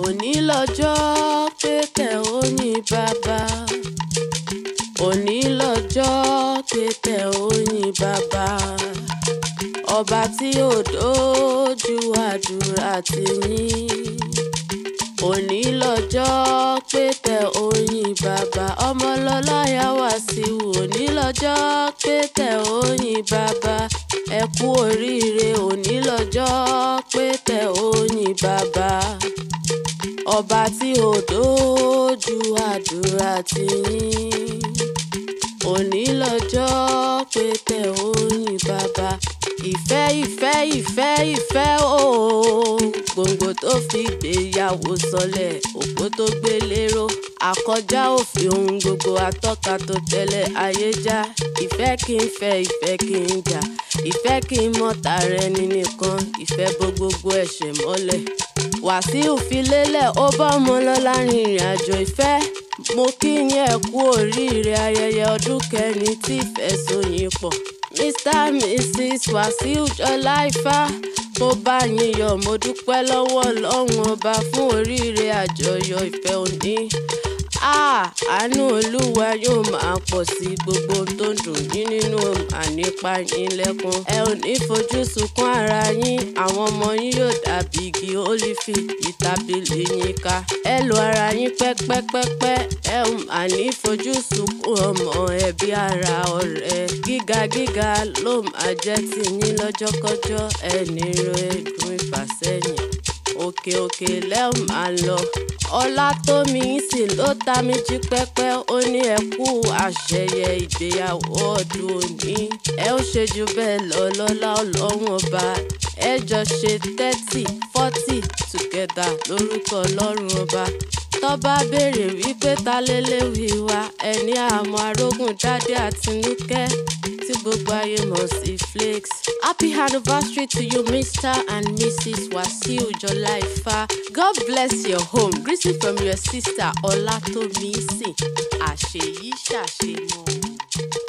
òní lọ́jọ́ kéte òní bàbá òní lọ́jọ́ kéte òní bàbá ọba tí ò dójú àdúrà ti yín òní lọ́jọ́ pété oyin bàbá ọmọlọ́lá yà wá sí i òní lọ́jọ́ pété oyin bàbá ẹ kú oríire òní lọ́jọ́ ọba tí ò dójú àdúrà tí yín òní lọ́jọ́ pé tẹ̀ ó yìn bàbá ìfẹ́ ìfẹ́ ìfẹ́ ìfẹ́ ooo gbòǹgbò tó fi gbéyàwó sọlẹ̀ òpó tó gbé lérò àkọjá òfin ohun gbogbo atọ́ka tó tẹ́lẹ̀ ayé já ìfẹ́ kí n fẹ́ ìfẹ́ kí n jà ìfẹ́ kí n mọ̀ tààrẹ ẹni nìkan ìfẹ́ bo gbogbo ẹ̀ṣẹ̀ mọ́lẹ̀ wàsíù fi lélẹ̀ ó bọ́mọ lọ́la rin ìrìn àjò ìfẹ́ mo kí yín ẹ kú oríire ayẹyẹ ọdún kẹrin tí ìfẹ̀sọ̀yìn pọ̀ mr mrs wàsíù jọlá ifá mo bá yín yọ̀ mo dúpẹ́ lọ́wọ́ Ọlọ́run ọba fún oríire àjọyọ̀ ìfẹ́ òní Ah, àánú olúwa yóò máa pọ̀ sí gbogbo tó ń dùn yín nínú ànípa yín lẹ́kún. ẹ ò ní fojú sunkún ara yín àwọn ọmọ yín yóò dàbí igi ólífì ìtàbílì yín ká. ẹ lo ara yín pẹ́pẹ́pẹ́pẹ́ ẹ ò máa ní fojú sunkún ọmọ ẹbí ara ọ̀rẹ́. gíga gíga ló máa jẹ́ tiyín lọ́jọ́kọ́jọ́ ẹ ní ro ìfàsẹ́yìn òkè òkè lẹ́hùn máa lọ. ọlátómi sì ló ta mi jí pẹ́pẹ́ ó ní ẹ kú àṣeyẹ ìgbéyàwó ọdún òní. ẹ ó ṣe jù bẹ́ẹ̀ lọ lọ́lá ọlọ́run ọba ẹ jọ ṣe thirty forty together lórúkọ ọlọ́run ọba tọ́ba béèrè wípé ta léléwìí wa ẹni àmọ́ arógùn jáde àtinúkẹ́ gbogbo ayé mọ̀ sí flakes. happy anniversary to you mr and mrs wasiu jolaifa god bless your home greeting from your sister ọlátọmísìn àṣeyí mo.